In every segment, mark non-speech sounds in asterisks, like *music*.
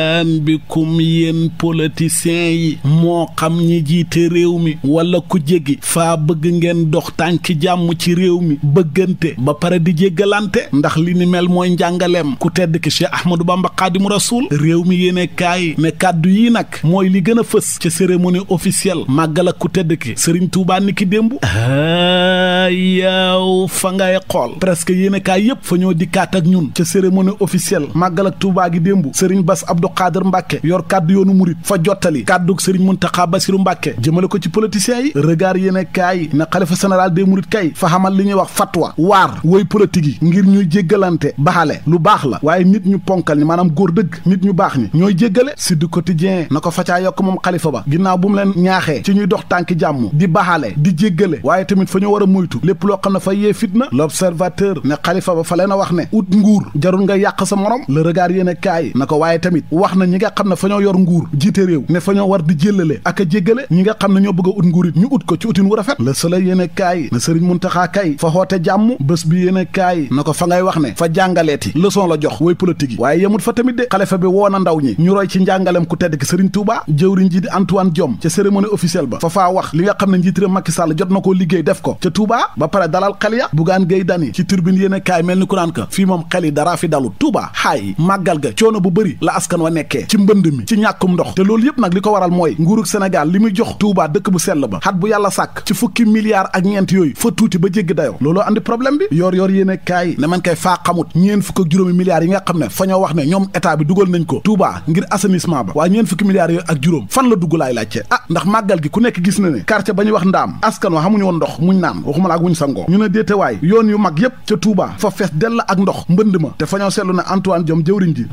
laan bikum yéen politiciens yi moo xam ñi jiite réew mi wala ku jégi faa bëgg ngeen dox tànki jàmm ci réew mi bëggante ba pare di jéggalante ndax li ni mel mooy njàngaleem ku tedd ki Cheikh Ahmadou Bamba Xaadimu Rasuul réew mi yéene kaay ne kàddu yi nag mooy li gën a fës ca cérémonie officielle màggal ak ku tedd ki Sëriñ Tuubaa ni ki démb yow fa ngay xool presque yéene yépp fa ñoo dikkaat ak ñun ca cérémonie officielle màggal Tuubaa gi démb Sëriñ Bass Abdou Abdou Khader Mbacke yor kàddu yoonu murit fa jottali kàddu Serigne Mountakha Bassirou Mbacke jëmale ko ci politiciens yi regard yéene kaay na xalifa général des mourides kay fa xamal li ñuy wax fatwa waar woy politique yi ngir ñuy jéggalante baxale lu baax la waaye nit ñu ponkal ni maanaam góor dëgg nit ñu baax ni ñooy jéggale si du quotidien na ko facaa yokk moom xalifa ba ginnaaw bu mu leen ñaaxee ci ñuy dox tànki jàmm di baxale di jéggale waaye tamit fa ñu war a moytu lépp loo xam ne fa yee fitna l'observateur ne xalifa ba fa leen a wax ne ut nguur jarul nga yàq sa morom le regard yéene kaay na ko waaye tamit wax na ñi nga xam ne fañoo yor nguur jiite réew ne fa war di jëllale ak a jéggale ñi nga xam ne ñoo bëgg a ut nguur it ñu ut ko ci utin wu rafet le soleil yéen a kaay na sëriñ Muntaxa kay fa xoote jàmm bés bi yéen a kaay na ko fa ngay wax ne fa jàngaleeti leçon la jox way politique yi waaye yemut fa tamit de xalifa bi woo na ndaw ñi ñu roy ci njàngalem ku tedd ki sëriñ Touba jëwriñ ji di Antoine Diome ca cérémonie officielle ba fa faa wax li nga xam ne njiit réew Macky Sall jot na koo liggéey def ko ca Touba ba pare dalal xel ya bugaan gay dani ci turbine yéen a kaay mel ni ku naan ka fii moom xel yi daraa fi dalu Touba haay màggal ga coono bu bëri la askan wa nekkee ci mbënd mi ci ñàkkum ndox te loolu yépp nag li ko waral mooy nguurug Sénégal li muy jox Touba dëkk bu sell ba xat bu yàlla sàkk ci fukki milliards ak ñeent yooyu fa tuuti ba jéggi dayoo looloo andi problème bi yoor yoor yéen kaay ne man kay faa xamut ñeen fukk juróomi milliards yi nga xam ne fa ñoo wax ne ñoom état bi dugal nañ ko Touba ngir assainissement ba waaye ñeen fukki milliards yooyu ak juróom fan la dugg laay laajte ah ndax màggal gi ku nekk gis na ne quartier ba ñuy wax ndaam askan wa xamuñu woon ndox muñ naan waxuma la ak muñ sangoo ñu ne déetewaay yoon yu mag yépp ca Touba fa fees ak ndox mbënd ma te fa ñoo seetlu ne Antoine Diome jëwriñ ji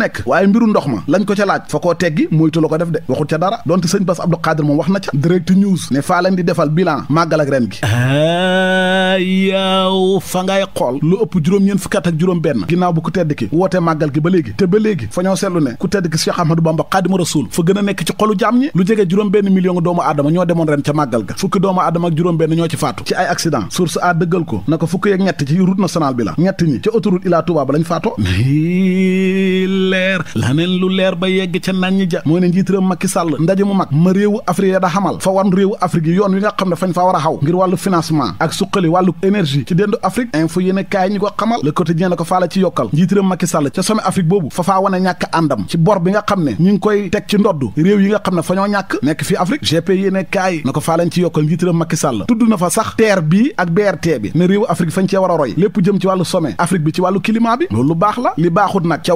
nekk waaye mbiru ndox ma lañ ko ca laaj fa koo teggi moytu la ko def de waxut ca dara donte sëñ Bass Abdou Khadre moom wax na ca direct news ne faa di defal bilan màggal ren gi yaaw fa ngay xool lu ëpp juróom-ñeent fukki at ak juróom benn ginnaaw bu ku tedd ki woote màggal gi ba léegi te ba léegi fa ñoo seetlu ne ku tedd ki Cheikh Ahmadou Bamba Xaadimu Rasuul fa gën a nekk ci xolu jaam ñi lu jege juróom benn million doomu aadama ñoo demoon ren ca màggal ga fukki doomu aadama a dëggal ko na ko fukki ak ñett ci route nationale leer laneen lu leer ba yegg ca nañ ñi ja moo ne njiitaram Macky Sall ndaje mu mag ma réewu Afrique da xamal fa wan yoon wi nga xam ne fañ faa war a xaw ngir wàllu financement ak suqali wàllu énergie ci déndu Afrique info yéen a kaay ñi ko xamal le quotidien la ko faala ci yokkal njiitaram Macky Sall ca sommet Afrique boobu fa faa wane ñàkk àndam ci bor bi nga xam ne ñi ngi koy teg ci ndodd réew yi nga xam ne fa ñoo ñàkk nekk fii Afrique GP yéen a kaay na ko faalañ ci yokkal njiitaram Macky Sall na fa sax TER bi ak BRT bi ne réewu Afrique cee war a roy lépp jëm ci wàllu sommet Afrique bi ci wàllu climat bi baax la li baaxut nag ca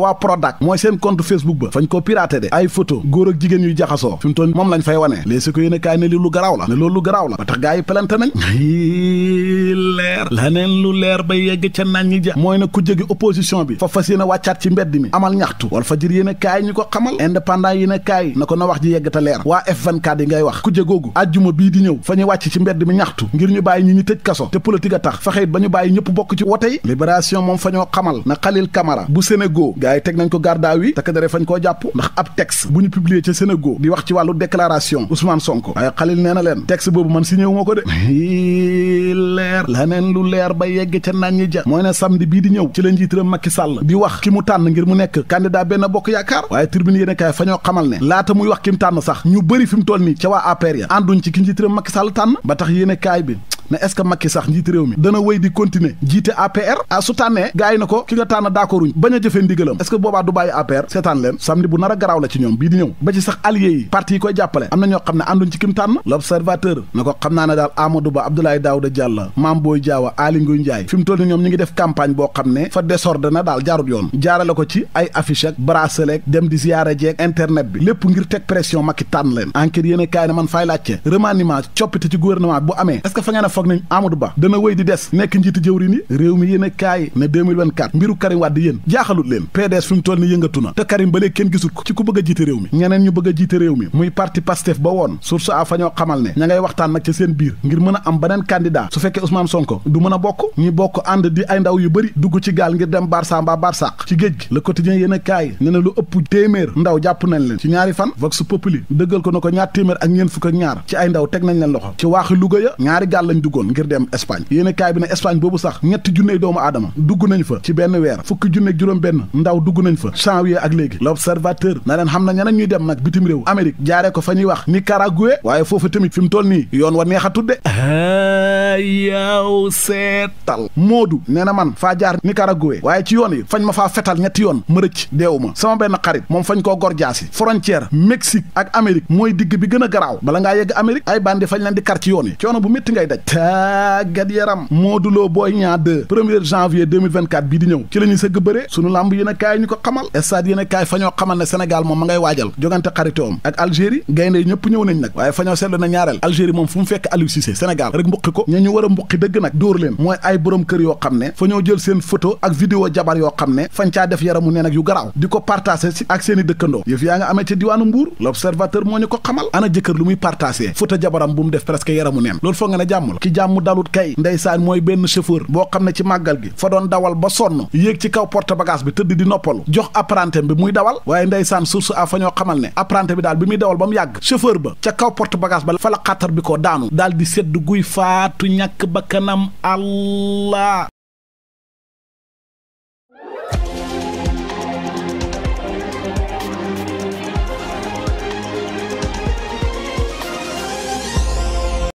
mooy seen compte Facebook ba fañ ko piraté de ay photo góor ak jigéen yu jaxasoo fi mu toll moom lañ fay wane léeg si ko yéen a kaay ne li lu garaaw la ne loolu lu garaaw la ba tax gaa yi pelante nañ *laughs* lu leer ba yegg ca naan ñi mooy ne ku jóge opposition bi fa fas yéen a wàccaat ci mbedd mi amal ñaxtu wala fa jër yéen a kaay ñu ko xamal indépendant yéen a kaay na ko na wax ji yegg te leer waa F24 yi ngay wax ku jegoogu ajjuma bii di ñëw fa ñu wàcc ci mbedd mi ñaxtu ngir ñu bàyyi ñi ñu tëj kaso te politique tax fexeyit ba ñu bàyyi ñëpp bokk ci wote yi libération moom ñoo xamal na Khalil Camara bu Sénégal gaa yi teg nañ ko garde à fañ koo jàpp ndax ab texte bu ñu publier ca Sénégal di wax ci wàllu déclaration Ousmane Sonko waaye xalil nee na leen texte boobu man si ñëw ma ko de *laughs* leer la neen lu leer ba yegg ca naan ñi moo mooy ne samedi bii di ñëw ci la njiitaram Macky Sall di wax ki mu tànn ngir mu nekk candidat benn bokk yaakaar waaye tribune yéen kaay fa ñoo xamal ne laata muy wax ki mu tànn sax ñu bëri fi mu toll nii ca waa APR ya ànduñ ci ki njiitaram Macky ba tax yéen kaay bi ne est-ce que Macky sax njiit réew mi dana wéy di continuer jiite APR ah su tànnee na ko ki nga tànn d'accorduñ bañ a jëfee ndigalam est-ce que boobaa du bàyyi APR seetaan leen bu nar a garaaw la ci ñoom bii di ñëw ba ci sax allié yi parti yi koy jàppale am na ñoo xam ne ànduñ ci kim tànn l'observateur na ko xam naa ne daal Amadou Ba Abdoulaye Daouda Diallo Mame Boye Diawa Aly Ngouille Ndiaye fi mu toll ñoom ñi ngi def campagne boo xam ne fa désordre ngir teg pression Macky tànn leen enquête yéen foog nañ Amadou Ba dana wéy di des nekk njiitu jëwriñ yi réew mi yéen a kaay ne 2024 mbiru Karim Wade yéen jaaxalut leen PDS fi mu ni yëngatu na te Karim ba kenn gisul ko ci ku bëgg a jiite réew mi ñeneen ñu bëgg a jiite réew mi muy parti Pastef ba woon source a fa ñoo xamal ne ña ngay waxtaan nag ci seen biir ngir mën a am beneen candidat su fekkee Ousmane Sonko du mën a bokk ñi bokk ànd di ay ndaw yu bëri dugg ci gaal ngir dem Barça mbaa Barsaq ci géej gi le quotidien yéen a kaay ne na lu ndaw jàpp nañ leen ci ñaari fan vox populi dëggal ko na ko ñaar téeméer ak ñeen fukk ak ñaar ci teg nañ leen loxo ci waaxi Louga duggoon ngir dem Espagne yéene kay bi ne Espagne boobu sax ñetti junney doomu aadama dugg nañ fa ci benn weer fukki junneeg juróom benn ndaw dugg nañ fa janvier ak léegi l'observateur na leen xam na ñeneen ñuy dem nag bitim réew Amérique jaaree ko fa ñuy wax Nicaragua waaye foofu tamit fi mu toll nii yoon wa neexatut de ah. yaaw seetal moodu nee na man faa jaar Nicaragua waaye ci yoon yi fañ ma faa fetal ñetti yoon ma rëcc ma sama benn moom fañ koo gor jaasi frontière Mexique ak Amérique mooy digg bi gën a garaaw bala ngaa yegg Amérique ay bandi fañ leen yoon yi coono bu métti ngay daj tàggat yaram Modou Lo Boy Niang 2 premier janvier 2024 bii di ñëw ci la ñuy sëgg bëre sunu lamb yéen a kaay ñu ko xamal a kaay fa ñoo xamal ne waajal jogante xaritoom ak Algérie gaynde ñëpp ñëw nañ nag waaye fa ñoo seetlu na ñaareel Algérie moom fu mu fekk Aliou Cissé Sénégal rek mbuqi ko ñu war a mbuqi dëgg nag dóor leen mooy ay borom kër yoo xam ne fa ñoo jël seen photo ak vidéo jabar yoo xam ne fañ caa def yaramu neen ak yu garaaw di ko partagé si ak seen i dëkkandoo yëf yaa nga amee ca diwaanu Mbuur l'observateur moo ñu ko xamal ana jëkkër lu muy partagé photo jabaram bu mu def presque yaramu neen loolu foog nga ne jàmm la ki jàmm dalut kay ndeysaan mooy benn chauffeur boo xam ne ci màggal gi fa doon dawal ba sonn yéeg ci kaw port bagage bi tëdd di noppalu jox apprenti bi muy dawal waaye ndeysaan source a fa ñoo xamal ne apprenti bi daal bi muy dawal ba mu yàgg chauffeur ba ca kaw porte bagage ba fa la xattar bi ko daanu ñàkk bakkanam allah